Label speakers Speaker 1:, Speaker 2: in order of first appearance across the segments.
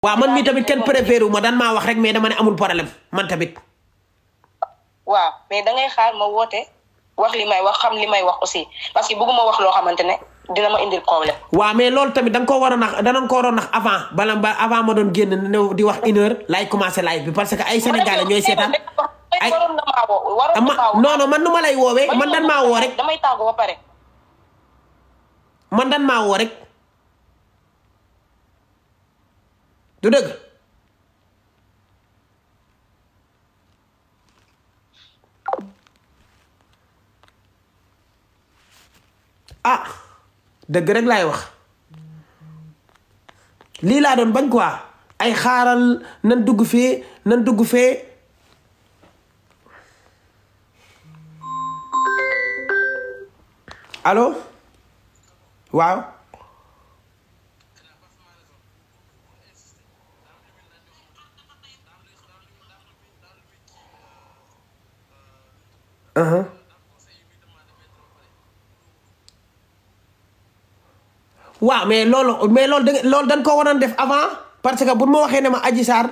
Speaker 1: waaw man mi tamit kenn préféré wu ma dan maa wax rek mais dama ne amul problème man tamit. waaw mais da ngay xaar ma woote wax li may wax xam li may wax aussi parce que bëgguma wax loo xamante ne dina ma indil problème. waaw mais loolu tamit da nga koo war a nax danañ ko war a nax avant bala ba avant ma doon génn ne di wax une heure laay commencé live bi parce que ay sénégalais ñooy seetaan. ay waroon na maa woo waroon na maa woo non man nu ma lay woowee man dan maa woo rek. damay tàggu ba pare. man dan maa woo rek. du dëgg ah dëgg rek laay wax lii laa doon bañ quoi ay xaaral nan dugg fee nan dugg fee allo waaw Uh-huh. waaw mais loolu mais lool da loolu dañ ko waroon def avant parce que bu ma waxee ne ma Adji Sarr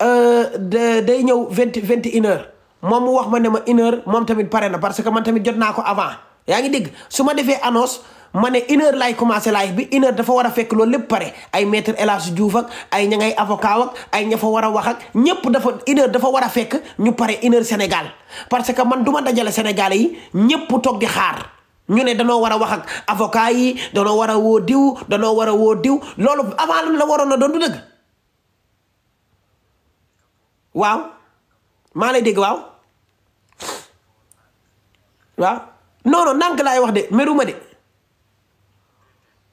Speaker 1: euh, day ñëw vingt vingt une heure moom mu wax ma ne ma une heure moom tamit pare na parce que man tamit jot naa ko avant yaa ngi dégg su ma defee annonce. ma ne une heure laay commencé live bi une dafa war a fekk loolu lépp pare ay maître El Hadji Diouf ay ña avocat ak ay ña fa war a wax ak ñëpp dafa une dafa war a fekk ñu pare une heure Sénégal parce que man du ma dajale Sénégalais yi ñëpp toog di xaar ñu ne danoo war a waxak ak avocat yi danoo war a woo diw danoo war a woo diw loolu avant lan la waroon a doon du dëgg waaw maa lay dégg waaw waaw non non nank wax de meruma de.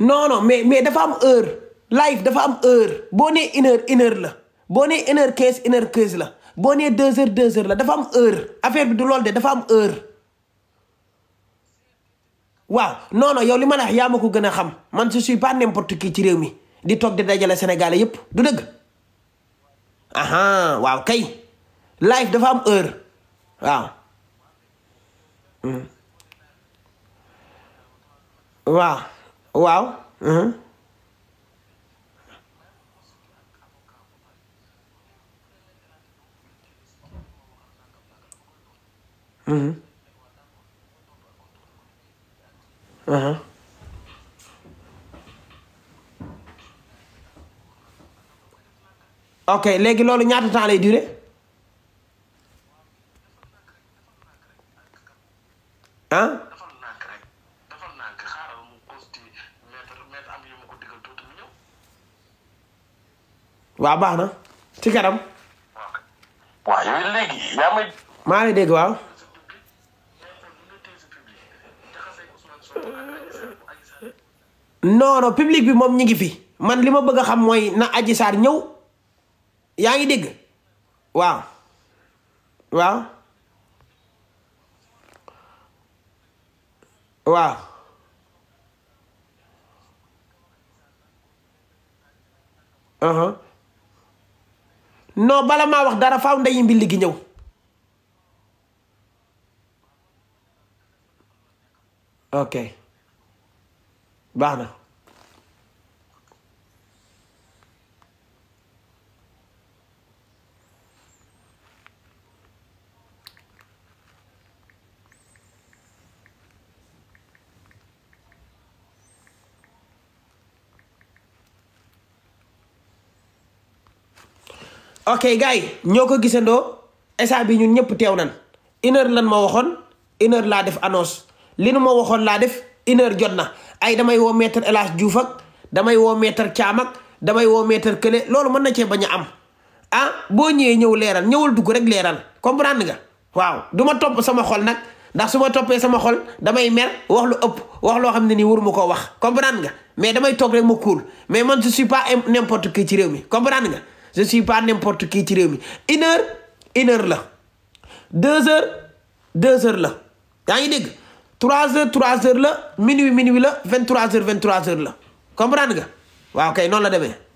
Speaker 1: non non mais mais dafa am heure live dafa am heure boo nee une heure la boo nee une heure quinze une la boo nee deux heures deux heures la dafa am heure affaire bi du lool de dafa am heure waaw non yow li ma la wax yaa ko gën a xam man je suis pas ci réew di toog di dajale Sénégalais yépp du dëgg aha kay live dafa am heure waaw hmm. waaw mhm. ok léegi loolu ñaata temps lay ah waa baax na ci kanam. maa ngi dégg waaw. non public bi moom ñi ngi fi man li ma bëgg a xam mooy na Adji Sarr ñëw yaa ngi dégg waaw waaw waaw uh non bala maa wax dara faaw ndeyi mbilli gi ñëw ok baax na ok gars yi ñoo ko gisandoo instant bi ñun ñëpp teew nan une heure lan ma waxoon une laa def annonce li nu ma waxoon laa def une jot na ay damay woo maître El Hadj damay woo maître Thiam damay woo maître Kële loolu mën na cee bañ a am ah boo ñëwee ñëw leeral ñëwul dugg rek leeral comprendre nga waaw du ma topp sama xol nag ndax su ma toppee sama xol damay mer wax lu ëpp wax loo xam ne nii waru ma koo wax comprendre nga mais damay toog rek ma kuul mais man je suis pas n'importe ci réew mi comprendre nga. je suis pas n'importe qui ci réew mi une heure une heure la deux heures deux heures la yaa ngi dégg trois heures trois heures la minuit minuit la vingt trois heures vingt trois heures la comprendre nga waaw kay noonu la demee